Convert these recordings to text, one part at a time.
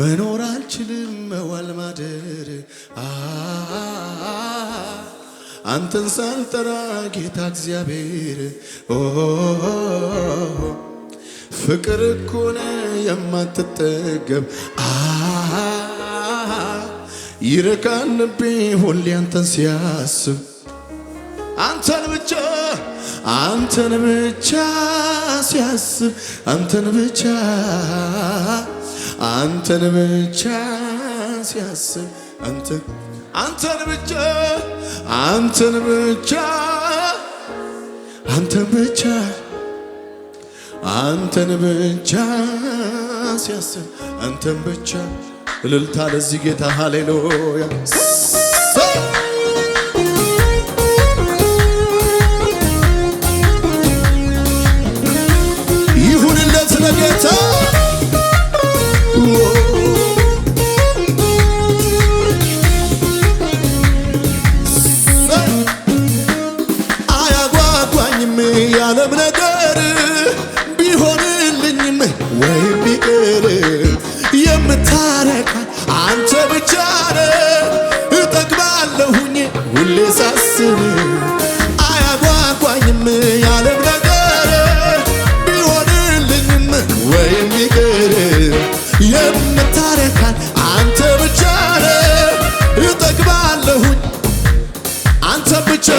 መኖር አልችልም መዋል ማደር አንተን ሳልጠራ ጌታ እግዚአብሔር ፍቅር እኮ ነው የማትጠገብ ይረካል ልቤ ሁሌ አንተን ሲያስብ አንተን ብቻ አንተን ብቻ ሲያስብ አንተን ብቻ አንተን ብቻ ሲያስብ አንተ አንተን ብቻ አንተን ብቻ አንተን ብቻ አንተን ብቻ ሲያስብ አንተን ብቻ እልልታ ለዚህ ጌታ ሃሌሉያ ሳስብ አያጓጓኝም ያለም ነገር ቢሆንልኝም ወይም ይቅር የምታረካን አንተ ብቻ እጠግባለሁኝ አንተን ብቻ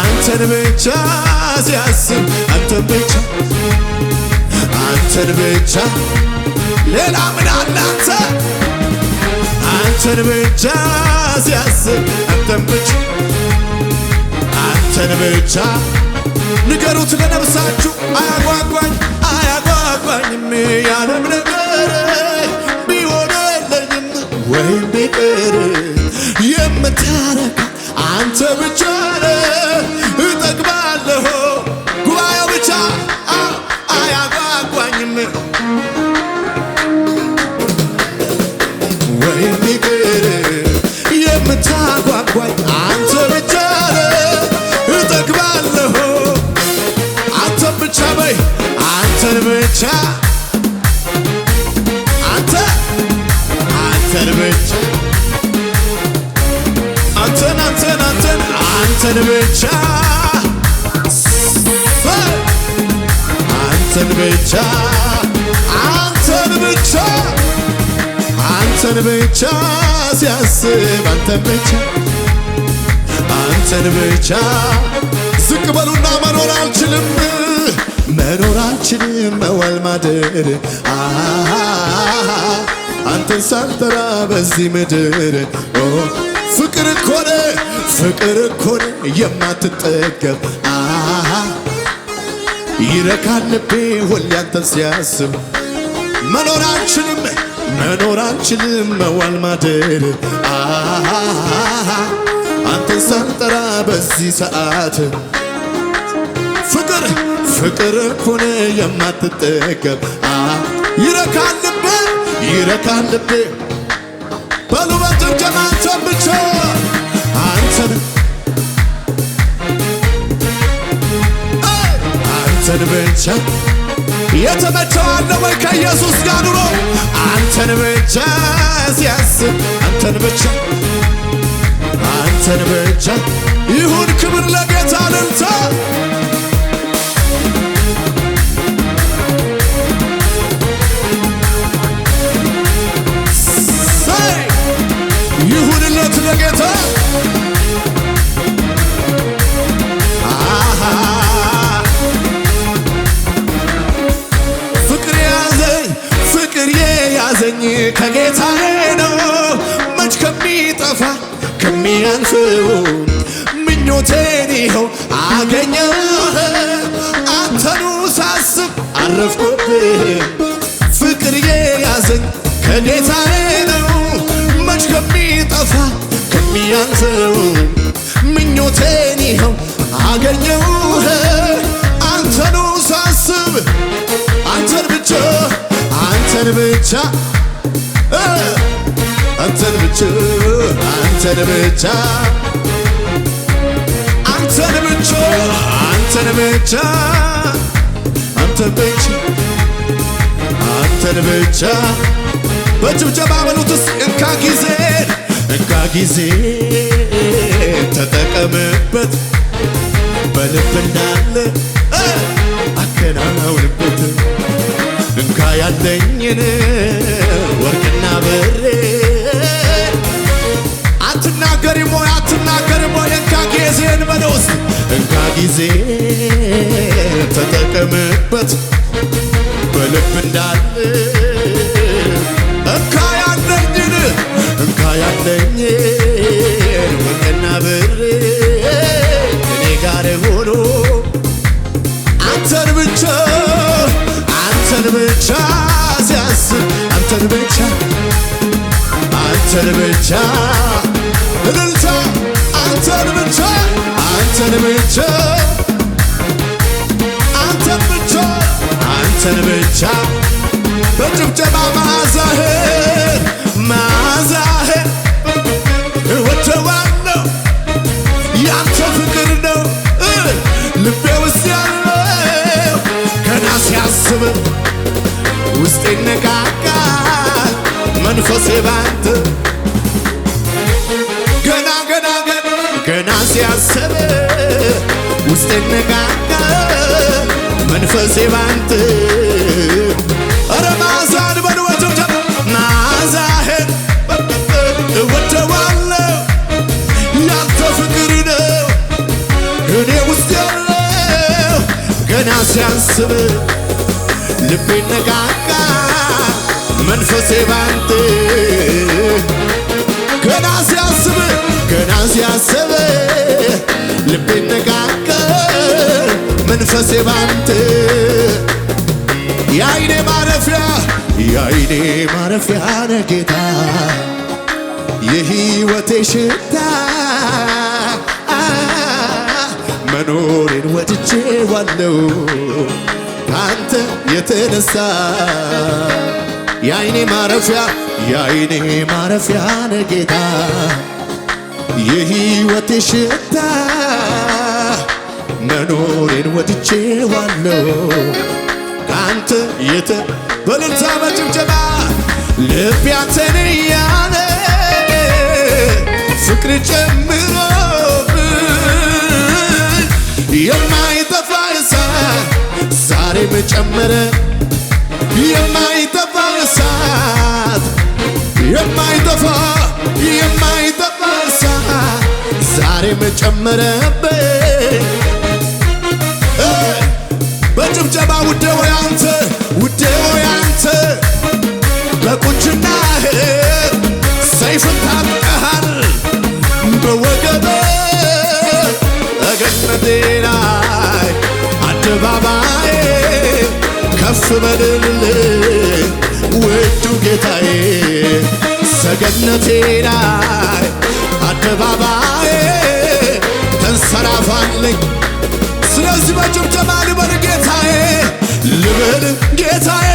አንተን ብቻ ሲያስብ አንተን ብቻ አንተን ብቻ ሌላ ምን አንተን ብቻ ሲያስብ አንተን ብቻ አንተን ብቻ ንገሩት ለነብሳችሁ አያጓጓኝ አያጓጓኝም ያለም ነገር ወይም የምታረካ አንተ ብቻ ነህ ብቻ አንተን ብቻ አንተን ብቻ ሲያስብ አንተን ብቻ አንተን ብቻ ዝቅ በሉና መኖር አልችልም መኖር አልችልም መዋል ማደር አንተን ሳልጠራ በዚህ ምድር ፍቅር እኮ ነህ ፍቅር እኮ ነህ የማትጠገብ ይረካል ልቤ ሁሌ አንተን ሲያስብ መኖር አልችልም መኖር አልችልም መዋል ማደር አንተን ሳልጠራ በዚህ ሰዓት ፍቅር ፍቅር እኮነ የማትጠገብ ይረካል ልቤ ይረካል ልቤ በሉበት እንጀማቸን ብቻ አንተን አንተን ብቻ የተመቸዋለው ወይ ከኢየሱስ ጋር ኑሮ አንተን ብቻ ሲያስብ አንተን ብቻ አንተን ብቻ ይሁን ክብር ለጌታ ልልታ ያልፍውን ምኞቴን ይኸው አገኘው አንተኑ ሳስብ አረፍኩብህ ፍቅር የያዘኝ ከጌታዬ ነው መች ከሚጠፋ ከሚያልፈው ምኞቴን ይኸው አገኘው አንተኑ ሳስብ አንተን ብቻ አንተን ብቻ አንተን ብቻ አንተን ብቻ አንተን ብቻ አንተን ብቻ አንተን ብቻ አንተን ብቻ በጭብጨባ በሉትስ እንካ ጊዜ እንካ ጊዜ ተጠቀምበት በልብ እንዳለ አከናውንበት እንካ ያለኝን ወርቅና ብር ይህን መኖስ እንካ ጊዜ ተጠቀምበት በልብ እንዳለ እንካ ያለኝን እንካ ያለኝን ወርቅና ብር እኔ ጋር ሆኖ አንተን ብቻ አንተን ብቻ ሲያስብ አንተን ብቻ አንተን ብቻ እልልታ አንተን ብቻ አንተን ብቻ አንተን ብቻ አንተን ብቻ በጭብጨባ ማዕዛ ሲያሰብ ውስጤ ነቃቃ መንፈሴ ባንተ ሲያስብ ልቤ ነቃቃ መንፈሴ ባንተ ገና ሲያስብ ገና ሲያስብ መንፈሴ ባንተ የአይኔ ማረፊያ የአይኔ ማረፊያ ነጌታ የህይወቴ ሽታ መኖሬን ወድጄ ዋለው ካንተ የተነሳ የአይኔ ማረፊያ የአይኔ ማረፊያ ነጌታ የህይወቴ ሽታ መኖሬን ወድጄዋለሁ ከአንተ የተ በልልታ በጭብጨባ ልቤ አንተን እያለ ፍቅር ጨምሮብን የማይጠፋ እሳት ዛሬ መጨመረ የማይጠፋ እሳት የማይጠፋ የማይጠፋ እሳት ዛሬም ጨመረብን ጭብጨባ ውዴ ወይ አንተ ውዴ ወይ አንተ በቁንጅናህ ሰይፍን ታጥቀሃል በወገበ ገነቴ ላይ አደባባይ ከፍ በልልልህ ውዱ ጌታዬ ሰገነቴ ላይ አደባባይ ተንሰራፋልኝ በዚህ በጭብጨባ ልበል ጌታዬ ልበል ጌታዬ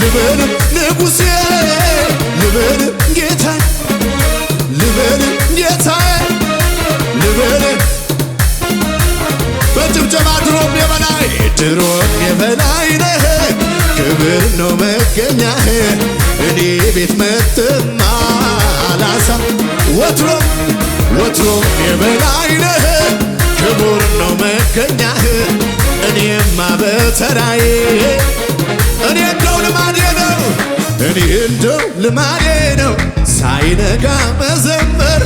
ልበል ንጉሴ ልበል ልበል ጌታዬ ልበል በጭብጨባ ድሮም የበላይ ድሮም የበላይ ነህ ክብር ነው መገኛህ እኔ ቤት መጥተህ አላሳ ወትሮም ወትሮም የበላይ ነህ ጥገኛህ እኔማ በተራዬ እኔ እንደው ልማዴ ነው እኔ እንደው ልማዴ ነው ሳይነጋ መዘመር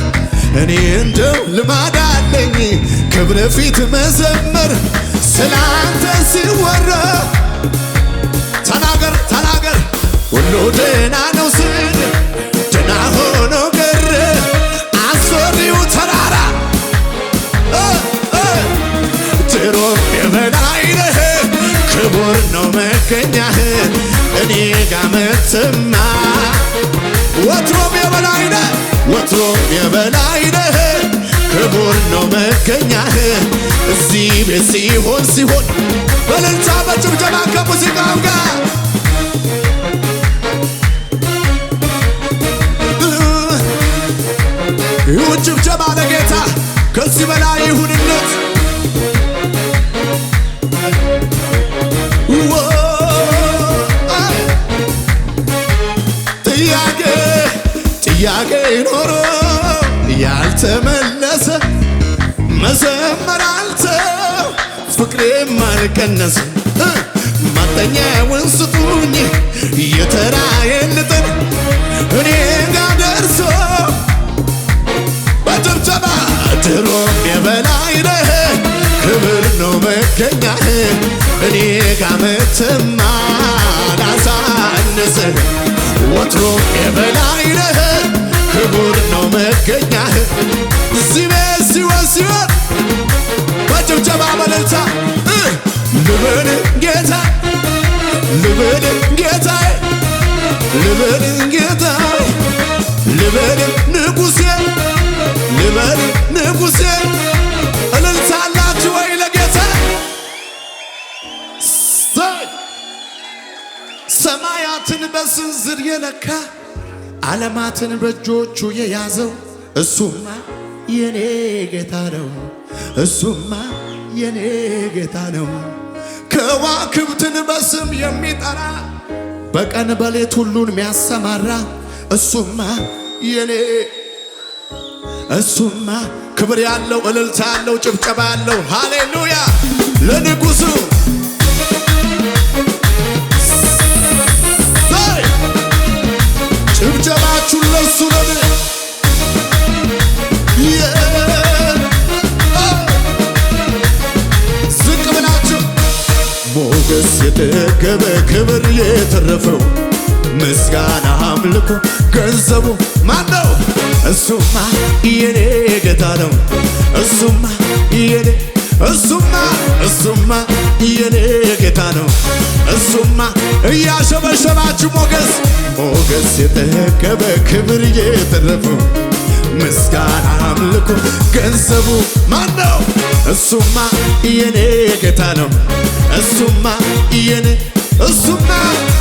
እኔ እንደው ልማድ አለኝ ክብረ ፊት መዘመር ስላንተ ሲወራ ተናገር ተናገር ሁሉ ደህና ቤት ሲሆን ሲሆን በእልልታ በጭብጨባ ከሙዚቃው ጋር ይሁን ጭብጨባ ለጌታ ከዚህ በላይ ይሁንነት ጥያቄ ጥያቄ ኖሮ ያልተመለሰ መሰ እኔም አልቀነስም። ማጠኛውን ስጡኝ የተራዬን ልጠን እኔ ጋ ደርሶ በጭብጨባ ድሮም የበላይ ነህ፣ ክብር ነው መገኛህ። እኔ ጋ መተማ ላሳንስህ ወትሮም የበላይ ነህ፣ ክብር ነው መገኛህ። ሲበ ሲወ ሲወ በጭብጨባ በልልታ ልበል ጌታ ልበል ጌታ ልበል ጌታ ልበል ንጉሴ ልበል ንጉሴ እልልታ አላችሁ ወይ ለጌታ? ሰማያትን በስንዝር የለካ ዓለማትን በእጆቹ የያዘው እሱማ የኔ ጌታ ነው። እሱማ የኔ ጌታ ነው። ከዋክብትን በስም የሚጠራ በቀን በሌት ሁሉን የሚያሰማራ እሱማ የኔ እሱማ ክብር ያለው እልልታ ያለው ጭብጨባ ያለው ሃሌሉያ ለንጉሱ ጭብጨባችሁን ለሱ ነው። በክብር የተረፈው ምስጋና አምልኮ ገንዘቡ ማነው? እሱማ የኔ ጌታ ነው። እሱማ የኔ እሱማ እሱማ የኔ ጌታ ነው። እሱማ እያሸበሸባችሁ ሞገስ ሞገስ የተከበ ክብር የተረፈው ምስጋና አምልኮ ገንዘቡ ማነው? እሱማ የኔ ጌታ ነው እሱማ የኔ እሱማ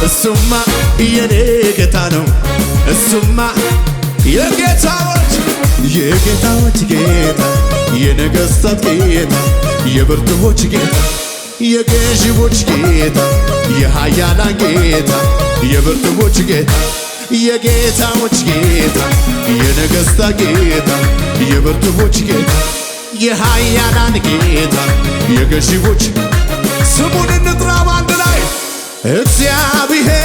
እሱማ የኔ ጌታ ነው እሱማ የጌታዎች የጌታዎች ጌታ የነገሥታት ጌታ የብርቱዎች ጌታ የገዥቦች ጌታ የኃያላን ጌታ የብርቱዎች ጌታ የጌታዎች ጌታ የነገሥታት ጌታ የብርቱዎች ጌታ የኃያላን ጌታ የገዢዎች ስሙን እንጥራ ባንድ ላይ እግዚአብሔር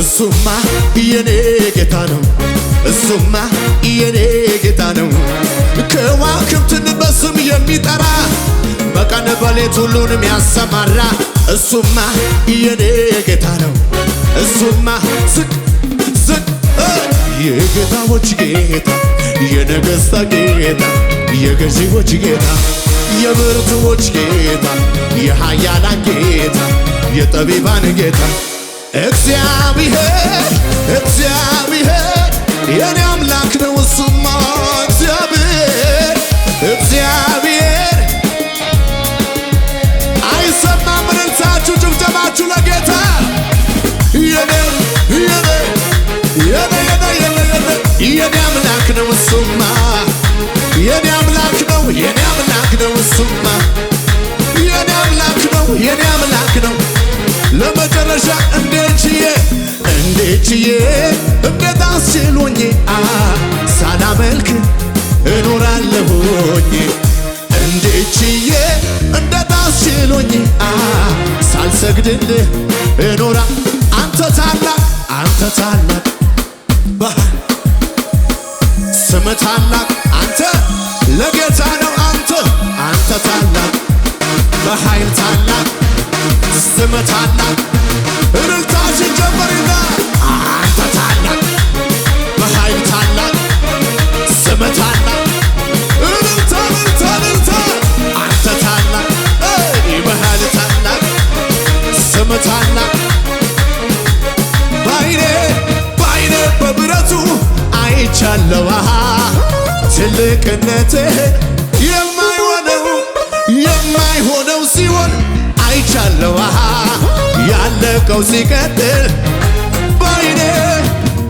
እሱማ የኔ ጌታ ነው፣ እሱማ የኔ ጌታ ነው። ከዋክብትን በስም የሚጠራ በቀን በሌት ሁሉንም ያሰማራ እሱማ የኔ ጌታ ነው። እሱማ ዝቅ ዝቅ የጌታዎች ጌታ የነገሥታ ጌታ የገዢዎች ጌታ የብርቱዎች ጌታ የኃያላን ጌታ የጠቢባን ጌታ እግዚአብሔር እግዚአብሔር የኔ አምላክ ነው እሱማ እግዚአብሔር እግዚአብሔር ጭብጨባችሁ ለጌታ የኔ አምላክ ነው እሱማ የኔ አምላክ ነው የኔ አምላክ ነው እሱማ የኔ አምላክ ነው የኔ አምላክ ነው እንዴችዬ እንዴችዬ እብደት አስችሎኝ ሳላመልክ እኖራለሁኝ እንዴችዬ እብደት አስችሎኝ ሳልሰግድልህ እኖራ አንተ ታላቅ አንተ ታላቅ ስም ታላቅ አንተ ለጌታ ነው አንተ አንተ ታላቅ በኃይል ታላቅ ስም ታላቅ ገመታና ባይኔ ባይኔ በብረቱ አይቻለው ትልቅነትህ የማይሆነው የማይሆነው ሲሆን አይቻለው ያለቀው ሲቀጥል ባይኔ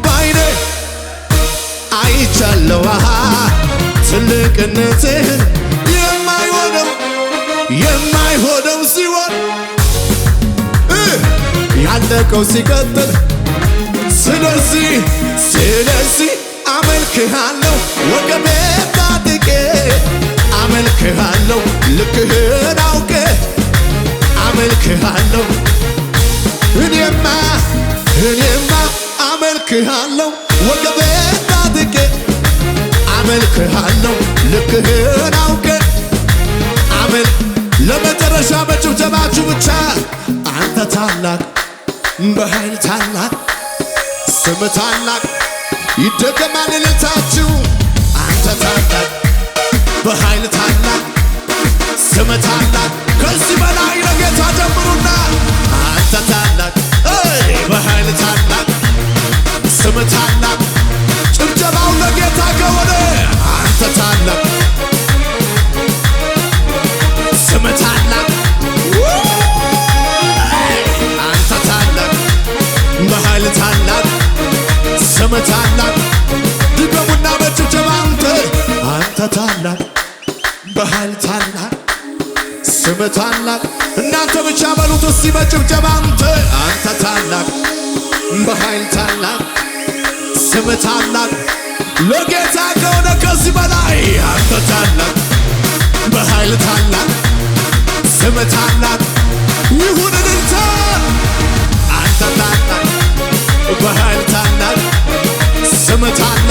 ባይኔ አይቻለው ትልቅነትህ የማይሆነው ያለቀው ሲቀጥል ስለዚህ ስለዚህ አመልክሃለሁ ወገቤ ታጥቄ አመልክሃለሁ ልክህን አውቄ አመልክሃለሁ እኔማ እኔማ አመልክሃለሁ ወገቤ ታጥቄ አመልክሃለሁ ልክህን በኃይል ታላቅ ስም ታላቅ ይደገማል አንተ ታላቅ በኃይል ታላቅ ስም ታላቅ ከዚህ በላይ ለጌታ አንተ በላይ አንተ ታላቅ በኃይል ታላቅ ስም ታላቅ ይሁን እልልታ አንተ ታላቅ በኃይል ታላቅ ስም ታላቅ